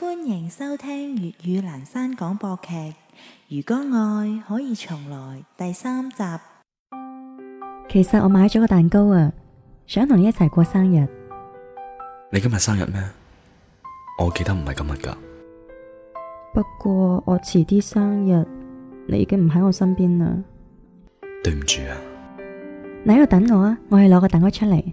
歡迎收聽粵語闌珊廣播劇《如果愛可以重來》第三集。其實我買咗個蛋糕啊，想同你一齊過生日。你今日生日咩？我記得唔係今日噶。不過我遲啲生日，你已經唔喺我身邊啦。對唔住啊，你喺度等我啊，我去攞個蛋糕出嚟。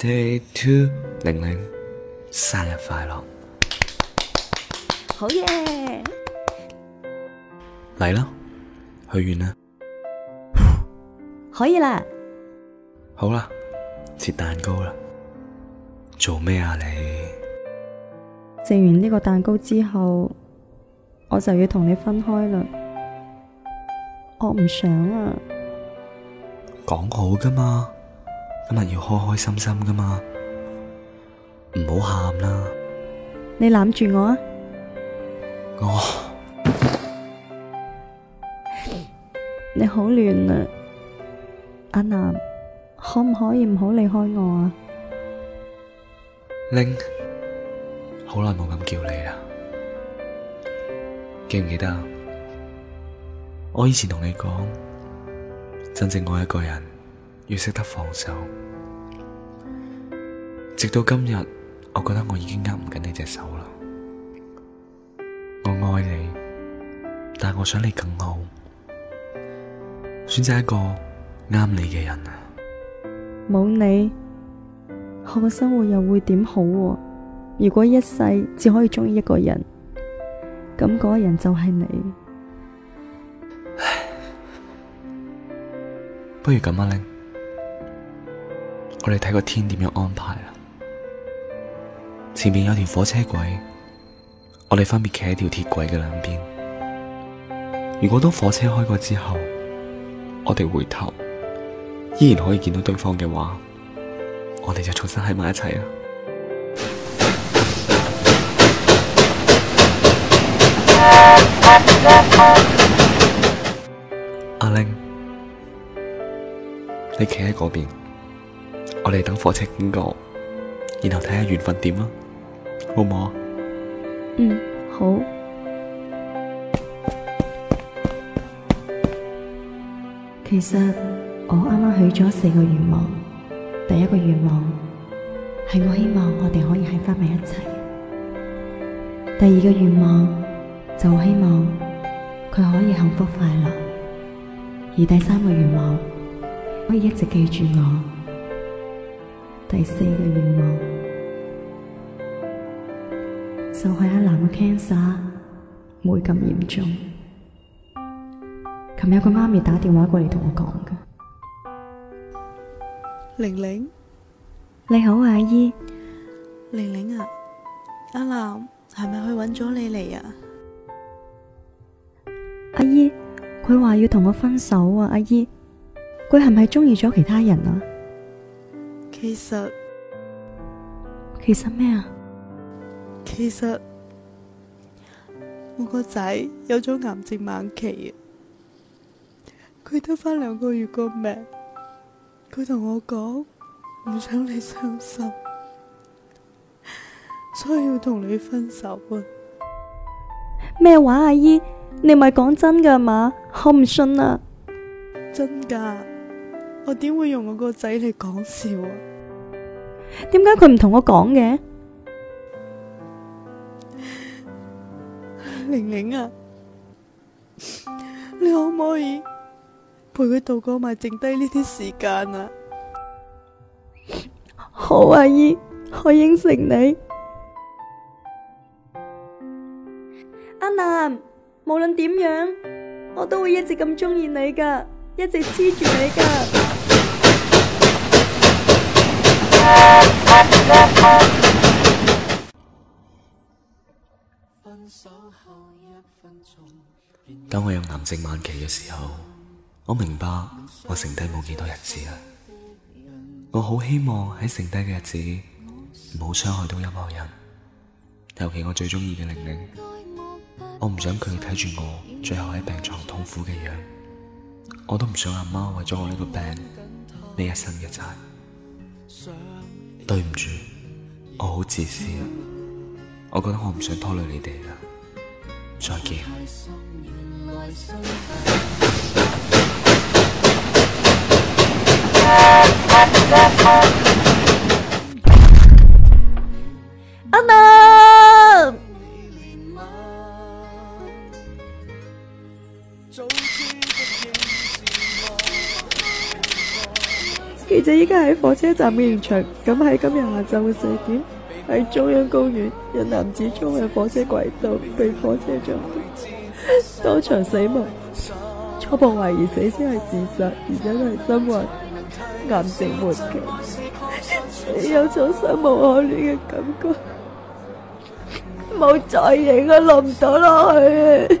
Day two，玲玲，生日快樂！好嘢！嚟啦！許願啦， 可以啦，好啦，切蛋糕啦，做咩啊你？食完呢個蛋糕之後，我就要同你分開啦，我唔想啊，講好噶嘛。今日要開開心心噶嘛，唔好喊啦！你攬住我啊！我、oh. 你好亂啊！阿楠，可唔可以唔好離開我啊？Ling，好耐冇咁叫你啦，記唔記得我以前同你講，真正愛一個人，要識得放手，直到今日，我覺得我已經握唔緊你隻手啦。我愛你，但我想你更好，選擇一個啱你嘅人啊！冇你，我嘅生活又會點好啊？如果一世只可以中意一個人，咁嗰個人就係你唉。不如咁啦，你。我哋睇個天點樣安排啦，啊。前面有條火車軌，我哋分別企喺條鐵軌嘅兩邊。如果當火車開過之後，我哋回頭依然可以見到對方嘅話，我哋就重新喺埋一齊啊！ 阿玲，你企喺嗰邊。我哋等火車經過，然後睇下緣分點啊，好唔好啊？嗯，好。其實我啱啱許咗四個願望。第一個願望係我希望我哋可以喺返埋一齊。第二個願望就希望佢可以幸福快樂。而第三個願望可以一直記住我。第四嘅願望就係阿楠嘅 cancer 唔會咁嚴重。琴日佢媽咪打電話過嚟同我講嘅。玲玲，你好啊，阿姨。玲玲啊，阿楠係咪去揾咗你嚟啊？阿姨，佢話要同我分手啊！阿姨，佢係咪中意咗其他人啊？其實，其實咩啊？其實我個仔有咗癌症晚期，佢得翻兩個月個命，佢同我講唔想你傷心，所以要同你分手啊！咩話，阿姨你咪講真噶嘛？我唔信啊！真噶。我點會用我個仔嚟講笑啊？點解佢唔同我講嘅？玲玲啊，你可唔可以陪佢度過埋剩低呢啲時間啊？好阿姨，我應承你。阿楠，無論點樣，我都會一直咁中意你噶，一直黐住你噶。 當我有癌症晚期嘅時候，我明白我剩低冇幾多日子啦。我好希望喺剩低嘅日子，唔好傷害到任何人，尤其我最中意嘅玲玲。我唔想佢睇住我最後喺病床痛苦嘅樣，我都唔想阿媽為咗我呢個病，呢一生嘅債。對唔住，我好自私啊！我覺得我唔想拖累你哋啦，再見。阿媽。 記者依家喺火車站嘅現場，咁喺今日下晝嘅四點，喺中央公園，一男子衝入火車軌道，被火車撞到， 當場死亡。初步懷疑死者係自殺，而且都係身患癌症末期， 死有種生無可戀嘅感覺，冇 再影，啊，落唔到落去。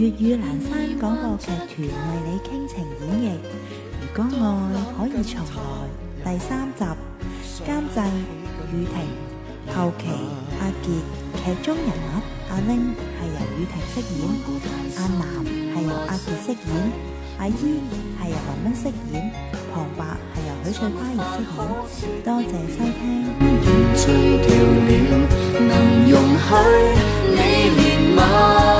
粵語闌珊廣播劇團為你傾情演繹《如果愛可以重來》第三集，監製宇婷，後期阿杰，劇中人物阿玲係由宇婷飾演，阿楠係由阿杰飾演，阿姨係由雯雯飾演，旁白係由許翠花兒飾演，多謝收聽。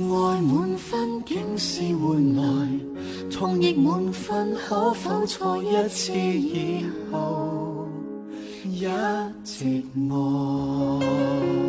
愛滿分竟是換來痛亦滿分，可否再一次以後，一直愛？